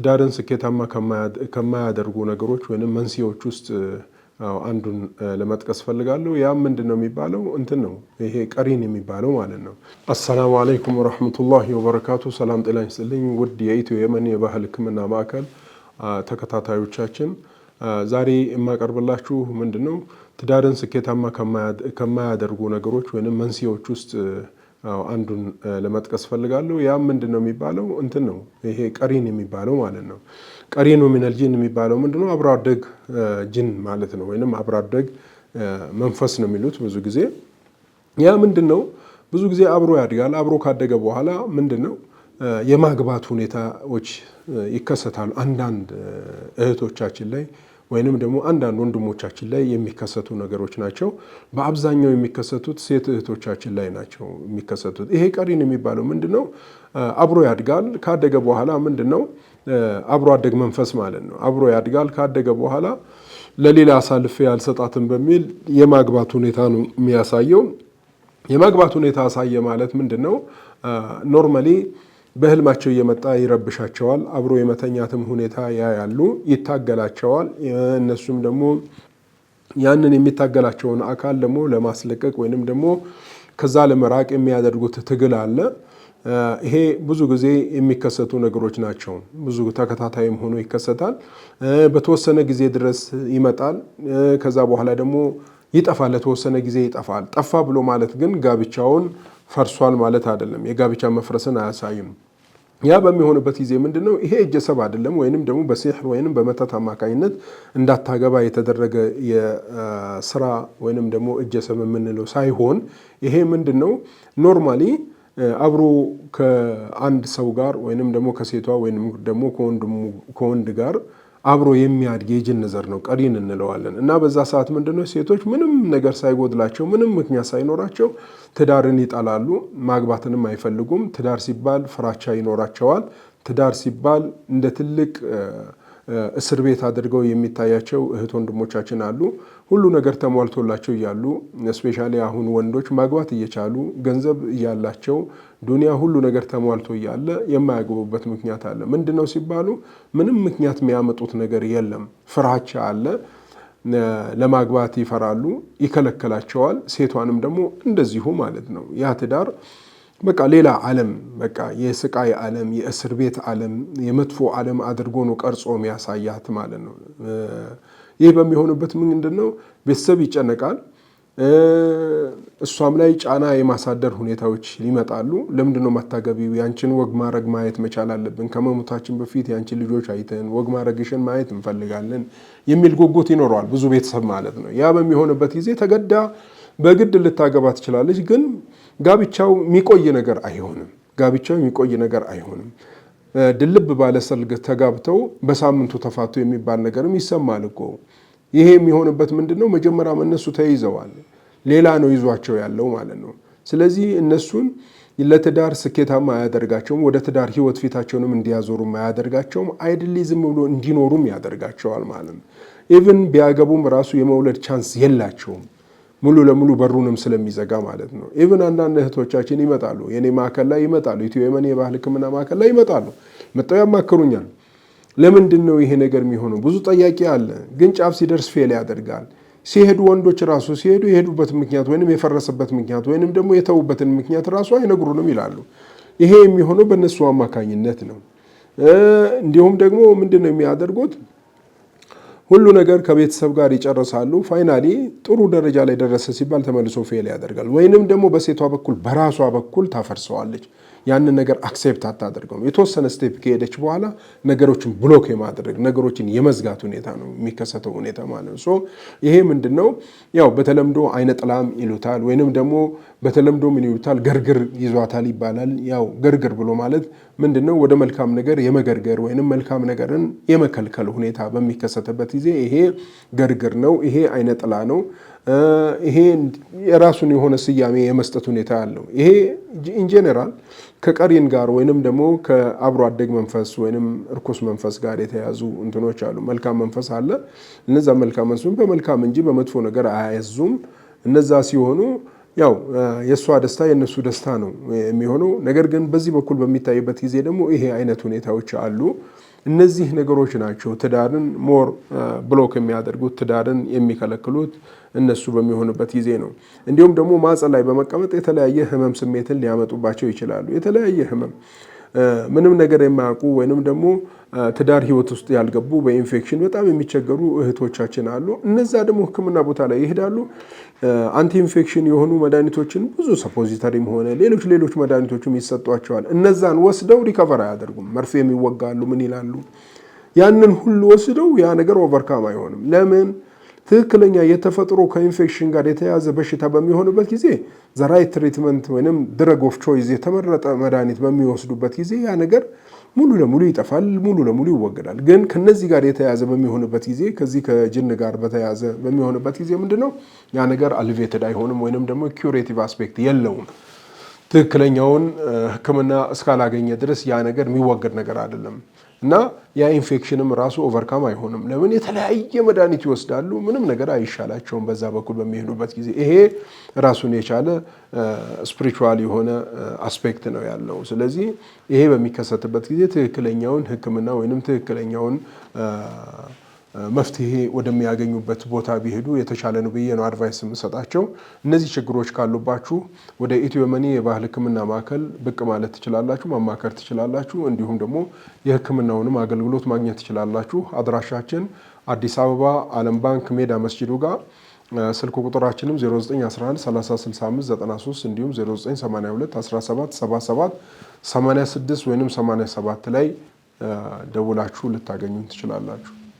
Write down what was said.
ትዳርን ስኬታማ ከማያደርጉ ነገሮች ወይም መንስኤዎች ውስጥ አንዱን ለመጥቀስ ፈልጋለሁ። ያ ምንድን ነው የሚባለው? እንትን ነው ይሄ ቀሪን የሚባለው ማለት ነው። አሰላሙ አለይኩም ወረህመቱላሂ ወበረካቱ። ሰላም ጤና ይስጥልኝ። ውድ የኢትዮ የመን የባህል ሕክምና ማዕከል ተከታታዮቻችን ዛሬ የማቀርብላችሁ ምንድን ነው ትዳርን ስኬታማ ከማያደርጉ ነገሮች ወይም መንስኤዎች ውስጥ አንዱን ለመጥቀስ ፈልጋለሁ። ያም ምንድን ነው የሚባለው እንትን ነው ይሄ ቀሪን የሚባለው ማለት ነው። ቀሪኑ ሚነል ጂን የሚባለው ምንድነው? አብሮ አደግ ጅን ማለት ነው፣ ወይም አብሮ አደግ መንፈስ ነው የሚሉት ብዙ ጊዜ። ያ ምንድን ነው ብዙ ጊዜ አብሮ ያድጋል። አብሮ ካደገ በኋላ ምንድን ነው የማግባት ሁኔታዎች ይከሰታሉ። አንዳንድ እህቶቻችን ላይ ወይንም ደግሞ አንዳንድ ወንድሞቻችን ላይ የሚከሰቱ ነገሮች ናቸው። በአብዛኛው የሚከሰቱት ሴት እህቶቻችን ላይ ናቸው የሚከሰቱት። ይሄ ቀሪን የሚባለው ምንድን ነው? አብሮ ያድጋል። ካደገ በኋላ ምንድን ነው? አብሮ አደግ መንፈስ ማለት ነው። አብሮ ያድጋል። ካደገ በኋላ ለሌላ አሳልፌ ያልሰጣትም በሚል የማግባት ሁኔታ ነው የሚያሳየው። የማግባት ሁኔታ አሳየ ማለት ምንድን ነው? ኖርማሊ በህልማቸው እየመጣ ይረብሻቸዋል። አብሮ የመተኛትም ሁኔታ ያያሉ፣ ይታገላቸዋል። እነሱም ደግሞ ያንን የሚታገላቸውን አካል ደግሞ ለማስለቀቅ ወይንም ደግሞ ከዛ ለመራቅ የሚያደርጉት ትግል አለ። ይሄ ብዙ ጊዜ የሚከሰቱ ነገሮች ናቸው። ብዙ ተከታታይም ሆኖ ይከሰታል። በተወሰነ ጊዜ ድረስ ይመጣል። ከዛ በኋላ ደግሞ ይጠፋል። ለተወሰነ ጊዜ ይጠፋል። ጠፋ ብሎ ማለት ግን ጋብቻውን ፈርሷል ማለት አይደለም። የጋብቻ መፍረስን አያሳይም። ያ በሚሆንበት ጊዜ ምንድን ነው ይሄ እጀሰብ አይደለም፣ ወይንም ደግሞ በሲሕር ወይንም በመተት አማካኝነት እንዳታገባ የተደረገ የስራ ወይንም ደግሞ እጀሰብ የምንለው ሳይሆን ይሄ ምንድን ነው ኖርማሊ አብሮ ከአንድ ሰው ጋር ወይንም ደግሞ ከሴቷ ወይንም ደግሞ ከወንድ ጋር አብሮ የሚያድግ የጅን ዘር ነው። ቀሪን እንለዋለን እና በዛ ሰዓት ምንድነው ሴቶች ምንም ነገር ሳይጎድላቸው ምንም ምክንያት ሳይኖራቸው ትዳርን ይጠላሉ፣ ማግባትንም አይፈልጉም። ትዳር ሲባል ፍራቻ ይኖራቸዋል። ትዳር ሲባል እንደ ትልቅ እስር ቤት አድርገው የሚታያቸው እህት ወንድሞቻችን አሉ። ሁሉ ነገር ተሟልቶላቸው እያሉ እስፔሻሊ አሁን ወንዶች ማግባት እየቻሉ ገንዘብ እያላቸው ዱንያ ሁሉ ነገር ተሟልቶ እያለ የማያገቡበት ምክንያት አለ። ምንድን ነው ሲባሉ ምንም ምክንያት የሚያመጡት ነገር የለም። ፍራቻ አለ። ለማግባት ይፈራሉ፣ ይከለከላቸዋል። ሴቷንም ደግሞ እንደዚሁ ማለት ነው ያ ትዳር በቃ ሌላ ዓለም በቃ የስቃይ ዓለም የእስር ቤት ዓለም የመጥፎ ዓለም አድርጎ ነው ቀርጾ የሚያሳያት ማለት ነው። ይህ በሚሆንበት ምንድን ነው ቤተሰብ ይጨነቃል። እሷም ላይ ጫና የማሳደር ሁኔታዎች ሊመጣሉ። ለምንድን ነው ማታገቢው? ያንችን ወግ ማድረግ ማየት መቻል አለብን። ከመሞታችን በፊት ያንችን ልጆች አይተን ወግ ማድረግሽን ማየት እንፈልጋለን የሚል ጉጉት ይኖረዋል ብዙ ቤተሰብ ማለት ነው። ያ በሚሆንበት ጊዜ ተገዳ በግድ ልታገባ ትችላለች። ግን ጋብቻው የሚቆይ ነገር አይሆንም። ጋብቻው የሚቆይ ነገር አይሆንም። ድልብ ባለ ሰርግ ተጋብተው በሳምንቱ ተፋቱ የሚባል ነገርም ይሰማል እኮ። ይሄ የሚሆንበት ምንድን ነው? መጀመሪያም እነሱ ተይዘዋል። ሌላ ነው ይዟቸው ያለው ማለት ነው። ስለዚህ እነሱን ለትዳር ስኬታማ አያደርጋቸውም። ወደ ትዳር ህይወት ፊታቸውንም እንዲያዞሩም አያደርጋቸውም። አይድሊ ዝም ብሎ እንዲኖሩም ያደርጋቸዋል ማለት ነው። ኢቭን ቢያገቡም ራሱ የመውለድ ቻንስ የላቸውም። ሙሉ ለሙሉ በሩንም ስለሚዘጋ ማለት ነው። ኢቭን አንዳንድ እህቶቻችን ይመጣሉ፣ የኔ ማዕከል ላይ ይመጣሉ፣ ኢትዮ የመን የባህል ሕክምና ማዕከል ላይ ይመጣሉ። መጠው ያማክሩኛል። ለምንድን ነው ይሄ ነገር የሚሆነው? ብዙ ጠያቂ አለ፣ ግን ጫፍ ሲደርስ ፌል ያደርጋል። ሲሄዱ ወንዶች ራሱ ሲሄዱ የሄዱበት ምክንያት ወይም የፈረሰበት ምክንያት ወይንም ደግሞ የተዉበትን ምክንያት ራሱ አይነግሩንም ይላሉ። ይሄ የሚሆነው በእነሱ አማካኝነት ነው። እንዲሁም ደግሞ ምንድን ነው የሚያደርጉት ሁሉ ነገር ከቤተሰብ ጋር ይጨርሳሉ። ፋይናሊ ጥሩ ደረጃ ላይ ደረሰ ሲባል ተመልሶ ፌል ያደርጋል፣ ወይንም ደግሞ በሴቷ በኩል በራሷ በኩል ታፈርሰዋለች። ያንን ነገር አክሴፕት አታደርገውም። የተወሰነ ስቴፕ ከሄደች በኋላ ነገሮችን ብሎክ የማድረግ ነገሮችን የመዝጋት ሁኔታ ነው የሚከሰተው ሁኔታ ማለት ነው። ይሄ ምንድን ነው ያው በተለምዶ አይነ ጥላም ይሉታል፣ ወይንም ደግሞ በተለምዶ ምን ይሉታል ገርግር ይዟታል ይባላል። ያው ገርግር ብሎ ማለት ምንድን ነው ወደ መልካም ነገር የመገርገር ወይንም መልካም ነገርን የመከልከል ሁኔታ በሚከሰትበት ጊዜ ይሄ ገርግር ነው፣ ይሄ አይነ ጥላ ነው። ይሄ የራሱን የሆነ ስያሜ የመስጠት ሁኔታ ያለው ይሄ ኢንጀነራል ከቀሪን ጋር ወይንም ደግሞ ከአብሮ አደግ መንፈስ ወይንም እርኩስ መንፈስ ጋር የተያዙ እንትኖች አሉ። መልካም መንፈስ አለ። እነዛ መልካም መንፈስ በመልካም እንጂ በመጥፎ ነገር አያዙም። እነዛ ሲሆኑ ያው የእሷ ደስታ የእነሱ ደስታ ነው የሚሆነው። ነገር ግን በዚህ በኩል በሚታይበት ጊዜ ደግሞ ይሄ አይነት ሁኔታዎች አሉ። እነዚህ ነገሮች ናቸው ትዳርን ሞር ብሎክ የሚያደርጉት ትዳርን የሚከለክሉት እነሱ በሚሆንበት ጊዜ ነው። እንዲሁም ደግሞ ማፀን ላይ በመቀመጥ የተለያየ ህመም ስሜትን ሊያመጡባቸው ይችላሉ። የተለያየ ህመም ምንም ነገር የማያውቁ ወይንም ደግሞ ትዳር ህይወት ውስጥ ያልገቡ በኢንፌክሽን በጣም የሚቸገሩ እህቶቻችን አሉ። እነዛ ደግሞ ህክምና ቦታ ላይ ይሄዳሉ። አንቲ ኢንፌክሽን የሆኑ መድኃኒቶችን ብዙ ሰፖዚተሪም ሆነ ሌሎች ሌሎች መድኃኒቶችም ይሰጧቸዋል። እነዛን ወስደው ሪከቨር አያደርጉም። መርፌም ይወጋሉ፣ ምን ይላሉ። ያንን ሁሉ ወስደው ያ ነገር ኦቨርካም አይሆንም። ለምን ትክክለኛ የተፈጥሮ ከኢንፌክሽን ጋር የተያያዘ በሽታ በሚሆንበት ጊዜ ዘራይት ትሪትመንት ወይም ድረግ ኦፍ ቾይዝ የተመረጠ መድኃኒት በሚወስዱበት ጊዜ ያ ነገር ሙሉ ለሙሉ ይጠፋል፣ ሙሉ ለሙሉ ይወገዳል። ግን ከነዚህ ጋር የተያያዘ በሚሆንበት ጊዜ ከዚህ ከጅን ጋር በተያያዘ በሚሆንበት ጊዜ ምንድነው ያ ነገር አልቬትድ አይሆንም፣ ወይንም ደግሞ ኪሬቲቭ አስፔክት የለውም። ትክክለኛውን ሕክምና እስካላገኘ ድረስ ያ ነገር የሚወገድ ነገር አይደለም። እና ያ ኢንፌክሽንም ራሱ ኦቨርካም አይሆንም። ለምን የተለያየ መድኃኒት ይወስዳሉ፣ ምንም ነገር አይሻላቸውም። በዛ በኩል በሚሄዱበት ጊዜ ይሄ ራሱን የቻለ ስፒሪቹዋል የሆነ አስፔክት ነው ያለው። ስለዚህ ይሄ በሚከሰትበት ጊዜ ትክክለኛውን ሕክምና ወይንም ትክክለኛውን መፍትሄ ወደሚያገኙበት ቦታ ቢሄዱ የተሻለ ነው ብዬ ነው አድቫይስ የምሰጣቸው። እነዚህ ችግሮች ካሉባችሁ ወደ ኢትዮ መኒ የባህል ሕክምና ማዕከል ብቅ ማለት ትችላላችሁ፣ ማማከር ትችላላችሁ። እንዲሁም ደግሞ የሕክምናውንም አገልግሎት ማግኘት ትችላላችሁ። አድራሻችን አዲስ አበባ ዓለም ባንክ ሜዳ መስጂዱ ጋር ስልክ ቁጥራችንም 0911366593 እንዲሁም 86 ወይም 87 ላይ ደውላችሁ ልታገኙን ትችላላችሁ።